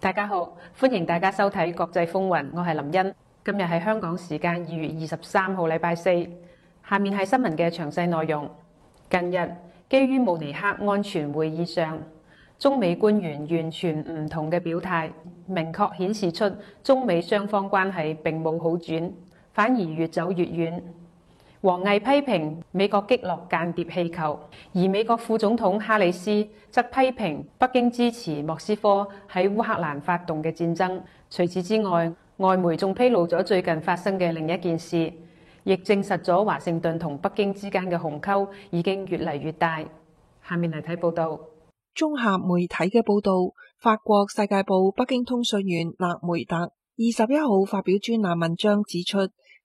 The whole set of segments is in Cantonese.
大家好，歡迎大家收睇《國際風雲》，我係林茵。今日係香港時間二月二十三號，禮拜四。下面係新聞嘅詳細內容。近日，基於慕尼克安全會議上，中美官員完全唔同嘅表態，明確顯示出中美雙方關係並冇好轉，反而越走越遠。王毅批評美國擊落間諜氣球，而美國副總統哈里斯則批評北京支持莫斯科喺烏克蘭發動嘅戰爭。除此之外，外媒仲披露咗最近發生嘅另一件事，亦證實咗華盛頓同北京之間嘅鴻溝已經越嚟越大。下面嚟睇報道，綜合媒體嘅報道，法國《世界報》北京通訊員納梅達二十一號發表專欄文章指出。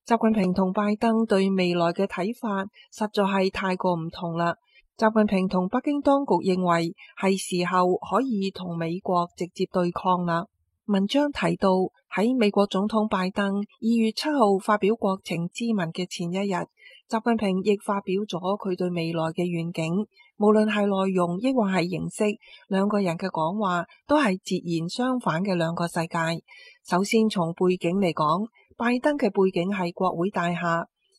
習近平同拜登對未來嘅睇法實在係太過唔同啦。習近平同北京當局認為係時候可以同美國直接對抗啦。文章提到喺美國總統拜登二月七號發表國情咨文嘅前一日，習近平亦發表咗佢對未來嘅願景。無論係內容抑或係形式，兩個人嘅講話都係截然相反嘅兩個世界。首先從背景嚟講。拜登嘅背景係國會大廈，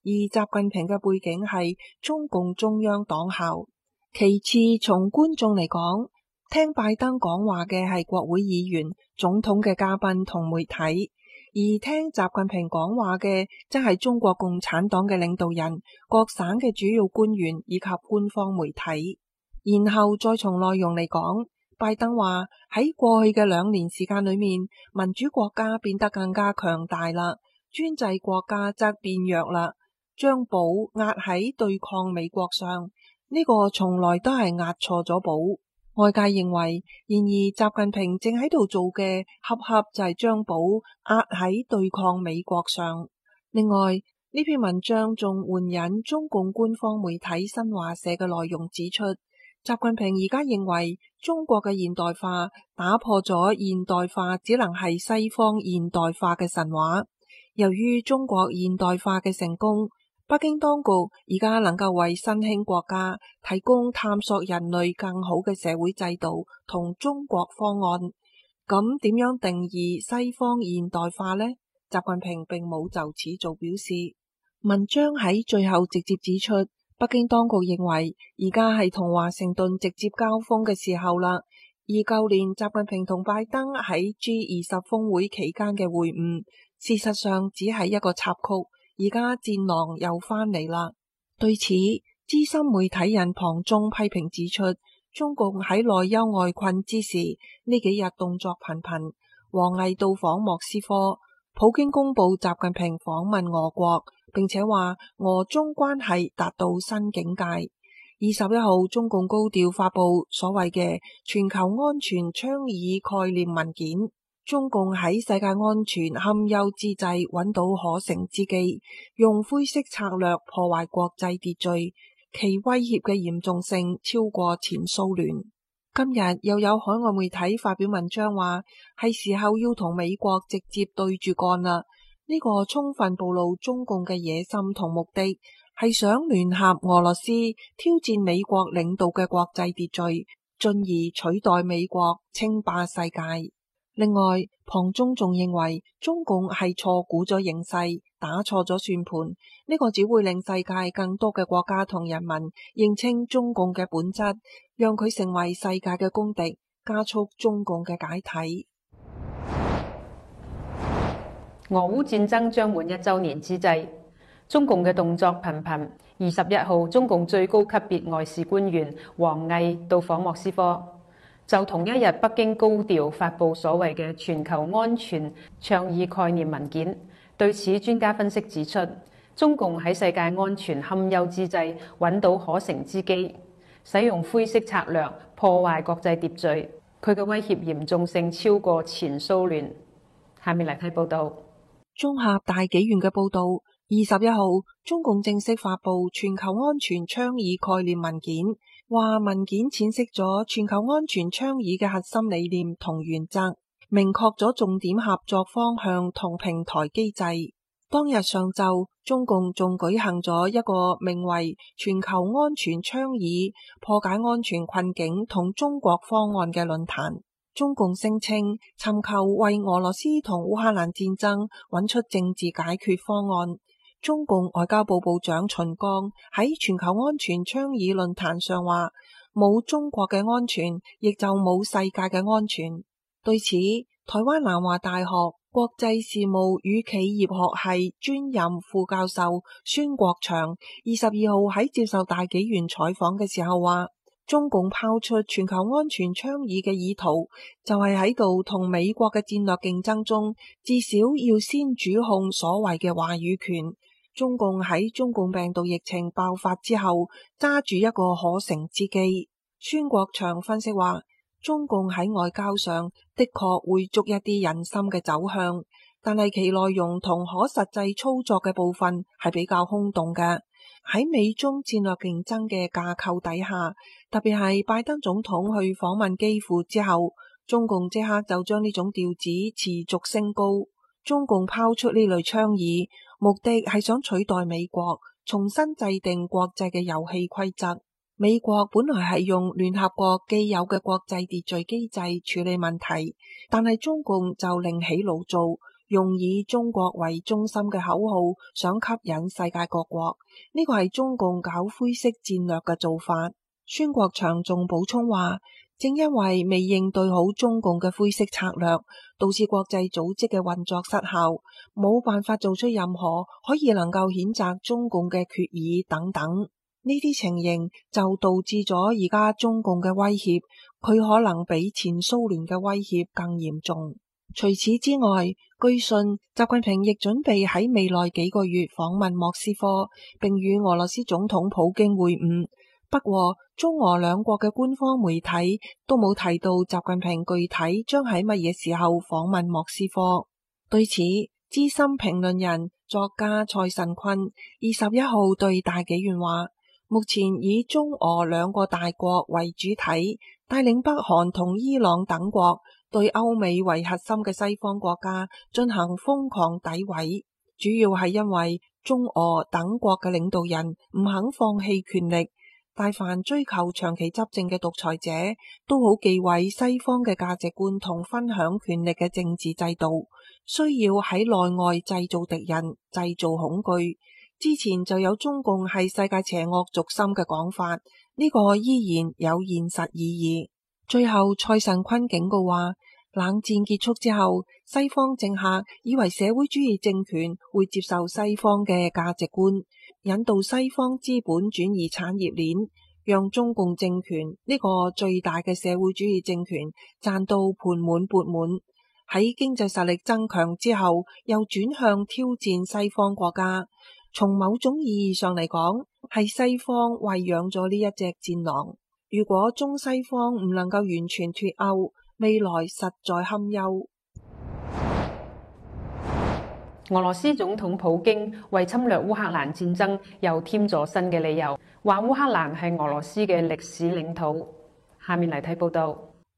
而習近平嘅背景係中共中央黨校。其次，從觀眾嚟講，聽拜登講話嘅係國會議員、總統嘅嘉賓同媒體，而聽習近平講話嘅則係中國共產黨嘅領導人、各省嘅主要官員以及官方媒體。然後再從內容嚟講。拜登話喺過去嘅兩年時間裏面，民主國家變得更加強大啦，專制國家則變弱啦。將寶壓喺對抗美國上，呢、呢個從來都係壓錯咗寶。外界認為，然而習近平正喺度做嘅恰恰就係將寶壓喺對抗美國上。另外，呢篇文章仲援引中共官方媒體新華社嘅內容指出。習近平而家認為中國嘅現代化打破咗現代化只能係西方現代化嘅神話。由於中國現代化嘅成功，北京當局而家能夠為新興國家提供探索人類更好嘅社會制度同中國方案。咁點樣定義西方現代化呢？習近平並冇就此做表示。文章喺最後直接指出。北京當局認為，而家係同華盛頓直接交鋒嘅時候啦。而舊年習近平同拜登喺 G 二十峰會期間嘅會晤，事實上只係一個插曲。而家戰狼又翻嚟啦。對此，資深媒體人龐中批評指出，中共喺內憂外困之時，呢幾日動作頻頻，王毅到訪莫斯科。普京公布習近平訪問俄國，並且話俄中關係達到新境界。二十一號，中共高調發布所謂嘅全球安全倡議概念文件。中共喺世界安全堪憂之際，揾到可乘之機，用灰色策略破壞國際秩序，其威脅嘅嚴重性超過前蘇聯。今日又有海外媒體發表文章話，係時候要同美國直接對住幹啦。呢、這個充分暴露中共嘅野心同目的，係想聯合俄羅斯挑戰美國領導嘅國際秩序，進而取代美國稱霸世界。另外，龐中仲認為中共係錯估咗形勢。打錯咗算盤，呢個只會令世界更多嘅國家同人民認清中共嘅本質，讓佢成為世界嘅公敵，加速中共嘅解體。俄烏戰爭將滿一周年之際，中共嘅動作頻頻。二十一號，中共最高級別外事官員王毅到訪莫斯科，就同一日，北京高調發布所謂嘅全球安全倡議概念文件。對此，專家分析指出，中共喺世界安全堪憂之際揾到可乘之機，使用灰色策略破壞國際秩序，佢嘅威脅嚴重性超過前蘇聯。下面嚟睇報道。綜合大紀元嘅報道，二十一號，中共正式發布《全球安全倡議概念文件》，話文件闡釋咗全球安全倡議嘅核心理念同原則。明確咗重點合作方向同平台機制。當日上晝，中共仲舉行咗一個名為《全球安全倡議：破解安全困境同中國方案》嘅論壇。中共聲稱尋求為俄羅斯同烏克蘭戰爭揾出政治解決方案。中共外交部部長秦剛喺全球安全倡議論壇上話：冇中國嘅安全，亦就冇世界嘅安全。對此，台灣南華大學國際事務與企業學系專任副教授孫國祥二十二號喺接受大紀元採訪嘅時候話：中共拋出全球安全倡議嘅意圖，就係喺度同美國嘅戰略競爭中，至少要先主控所謂嘅話語權。中共喺中共病毒疫情爆發之後，揸住一個可乘之機。孫國祥分析話。中共喺外交上的確會捉一啲人心嘅走向，但係其內容同可實際操作嘅部分係比較空洞嘅。喺美中戰略競爭嘅架構底下，特別係拜登總統去訪問基輔之後，中共即刻就將呢種調子持續升高。中共拋出呢類倡議，目的係想取代美國，重新制定國際嘅遊戲規則。美國本來係用聯合國既有嘅國際秩序機制處理問題，但係中共就另起爐灶，用以中國為中心嘅口號想吸引世界各國。呢個係中共搞灰色戰略嘅做法。孫國祥仲補充話，正因為未應對好中共嘅灰色策略，導致國際組織嘅運作失效，冇辦法做出任何可以能夠譴責中共嘅決議等等。呢啲情形就導致咗而家中共嘅威脅，佢可能比前蘇聯嘅威脅更嚴重。除此之外，據信習近平亦準備喺未來幾個月訪問莫斯科，並與俄羅斯總統普京會晤。不過，中俄兩國嘅官方媒體都冇提到習近平具體將喺乜嘢時候訪問莫斯科。對此，資深評論人作家蔡神坤二十一號對大紀元話。目前以中俄兩個大國為主體，帶領北韓同伊朗等國，對歐美為核心嘅西方國家進行瘋狂詆毀，主要係因為中俄等國嘅領導人唔肯放棄權力，但凡追求長期執政嘅獨裁者，都好忌諱西方嘅價值觀同分享權力嘅政治制度，需要喺內外製造敵人、製造恐懼。之前就有中共係世界邪惡軸心嘅講法，呢個依然有現實意義。最後，蔡神坤警告話：冷戰結束之後，西方政客以為社會主義政權會接受西方嘅價值觀，引導西方資本轉移產業鏈，讓中共政權呢個最大嘅社會主義政權賺到盤滿缽滿。喺經濟實力增強之後，又轉向挑戰西方國家。從某種意義上嚟講，係西方餵養咗呢一隻戰狼。如果中西方唔能夠完全脫歐，未來實在堪憂。俄羅斯總統普京為侵略烏克蘭戰爭又添咗新嘅理由，話烏克蘭係俄羅斯嘅歷史領土。下面嚟睇報道。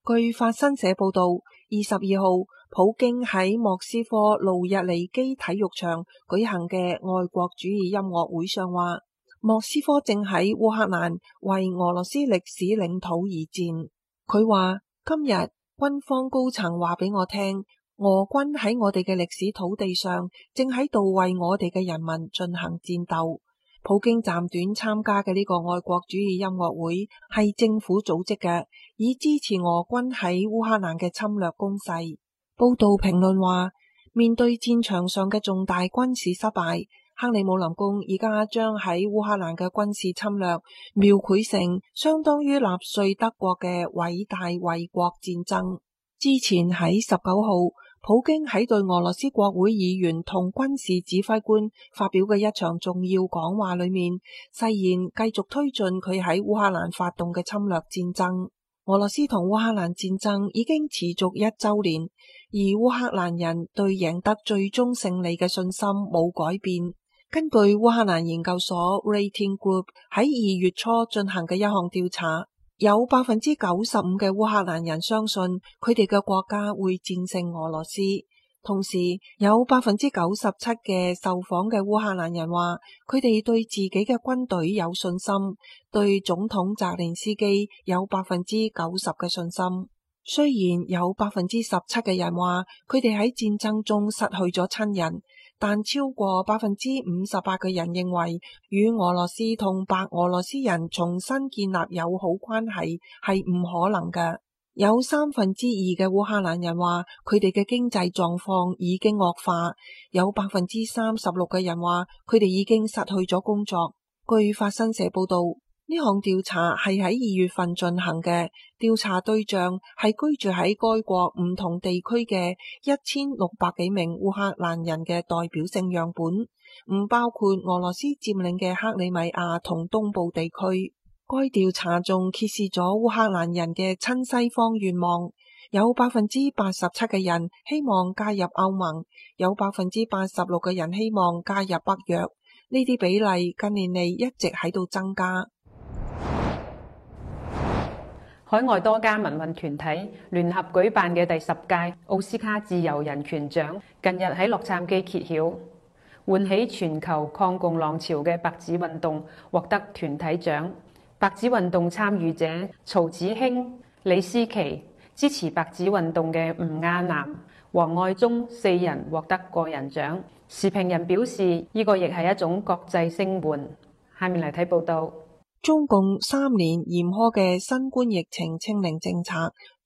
據法新社報道，二十二號。普京喺莫斯科盧日尼基體育場舉行嘅愛國主義音樂會上話，莫斯科正喺烏克蘭為俄羅斯歷史領土而戰。佢話，今日軍方高層話俾我聽，俄軍喺我哋嘅歷史土地上正喺度為我哋嘅人民進行戰鬥。普京暫短參加嘅呢個愛國主義音樂會係政府組織嘅，以支持俄軍喺烏克蘭嘅侵略攻勢。報道評論話，面對戰場上嘅重大軍事失敗，克里姆林宮而家將喺烏克蘭嘅軍事侵略，描繪成相當於納粹德國嘅偉大衛國戰爭。之前喺十九號，普京喺對俄羅斯國會議員同軍事指揮官發表嘅一場重要講話裏面，誓言繼續推進佢喺烏克蘭發動嘅侵略戰爭。俄羅斯同烏克蘭戰爭已經持續一周年。而烏克蘭人對贏得最終勝利嘅信心冇改變。根據烏克蘭研究所 Rating Group 喺二月初進行嘅一項調查，有百分之九十五嘅烏克蘭人相信佢哋嘅國家會戰勝俄羅斯，同時有百分之九十七嘅受訪嘅烏克蘭人話，佢哋對自己嘅軍隊有信心，對總統澤連斯基有百分之九十嘅信心。雖然有百分之十七嘅人話佢哋喺戰爭中失去咗親人，但超過百分之五十八嘅人認為與俄羅斯同白俄羅斯人重新建立友好關係係唔可能嘅。有三分之二嘅烏克蘭人話佢哋嘅經濟狀況已經惡化，有百分之三十六嘅人話佢哋已經失去咗工作。據法新社報道。呢項調查係喺二月份進行嘅，調查對象係居住喺該國唔同地區嘅一千六百幾名烏克蘭人嘅代表性樣本，唔包括俄羅斯佔領嘅克里米亞同東部地區。該調查仲揭示咗烏克蘭人嘅親西方願望，有百分之八十七嘅人希望加入歐盟，有百分之八十六嘅人希望加入北約。呢啲比例近年嚟，一直喺度增加。海外多家民運團體聯合舉辦嘅第十屆奧斯卡自由人權獎，近日喺洛杉磯揭曉，喚起全球抗共浪潮嘅白紙運動獲得團體獎。白紙運動參與者曹子興、李思琪，支持白紙運動嘅吳亞楠、王愛忠四人獲得個人獎。時評人表示，呢個亦係一種國際聲援。下面嚟睇報道。中共三年嚴苛嘅新冠疫情清零政策，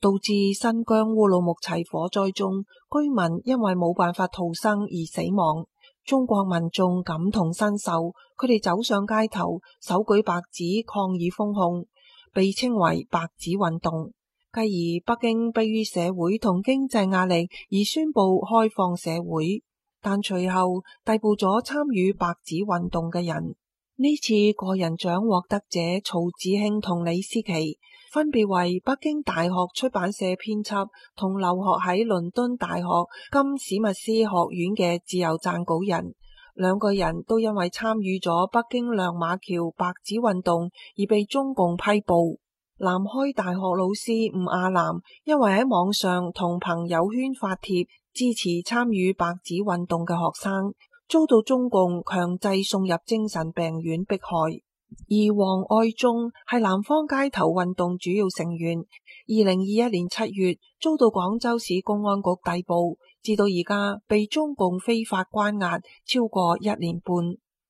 導致新疆烏魯木齊火災中居民因為冇辦法逃生而死亡。中國民眾感同身受，佢哋走上街頭，手舉白紙抗議封控，被稱為白紙運動。繼而，北京迫於社會同經濟壓力而宣布開放社會，但隨後逮捕咗參與白紙運動嘅人。呢次個人獎獲得者曹子興同李思琪，分別為北京大學出版社編輯同留學喺倫敦大學金史密斯學院嘅自由撰稿人。兩個人都因為參與咗北京亮馬橋白紙運動而被中共批捕。南開大學老師吳亞楠，因為喺網上同朋友圈發帖支持參與白紙運動嘅學生。遭到中共強制送入精神病院迫害，而黃愛忠係南方街頭運動主要成員。二零二一年七月遭到廣州市公安局逮捕，至到而家被中共非法關押超過一年半。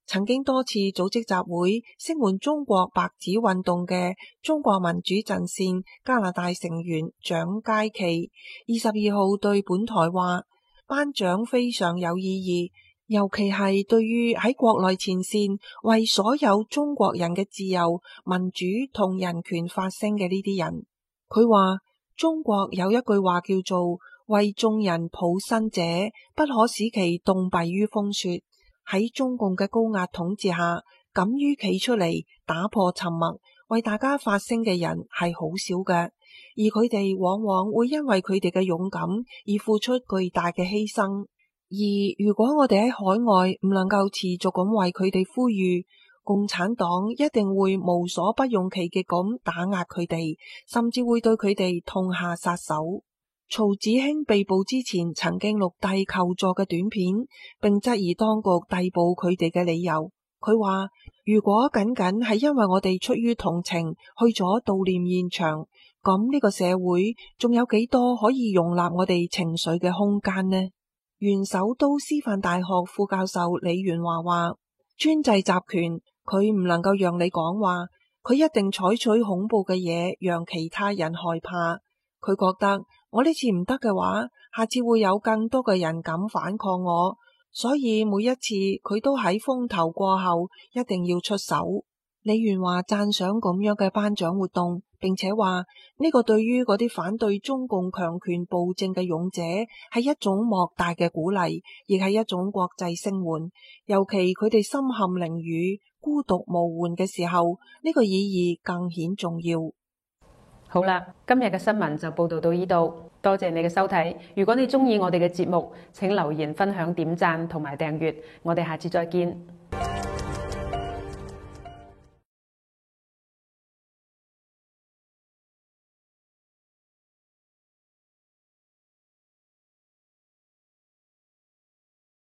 曾經多次組織集會，聲援中國白紙運動嘅中國民主陣線加拿大成員蔣佳琪二十二號對本台話：頒獎非常有意義。尤其係對於喺國內前線為所有中國人嘅自由、民主同人權發聲嘅呢啲人，佢話中國有一句話叫做：為眾人抱薪者，不可使其凍斃於風雪。喺中共嘅高壓統治下，敢於企出嚟打破沉默為大家發聲嘅人係好少嘅，而佢哋往往會因為佢哋嘅勇敢而付出巨大嘅犧牲。而如果我哋喺海外唔能夠持續咁為佢哋呼籲，共產黨一定會無所不用其極咁打壓佢哋，甚至會對佢哋痛下殺手。曹芷馨被捕之前，曾經錄低求助嘅短片，並質疑當局逮捕佢哋嘅理由。佢話：如果僅僅係因為我哋出於同情去咗悼念現場，咁呢個社會仲有幾多可以容納我哋情緒嘅空間呢？原首都師範大學副教授李元華話：專制集權，佢唔能夠讓你講話，佢一定採取恐怖嘅嘢，讓其他人害怕。佢覺得我呢次唔得嘅話，下次會有更多嘅人敢反抗我，所以每一次佢都喺風頭過後一定要出手。李元華讚賞咁樣嘅頒獎活動，並且話呢個對於嗰啲反對中共強權暴政嘅勇者係一種莫大嘅鼓勵，亦係一種國際聲援。尤其佢哋深陷囹圄，孤獨無援嘅時候，呢個意義更顯重要。好啦，今日嘅新聞就報道到呢度，多謝你嘅收睇。如果你中意我哋嘅節目，請留言分享，點讚同埋訂閱。我哋下次再見。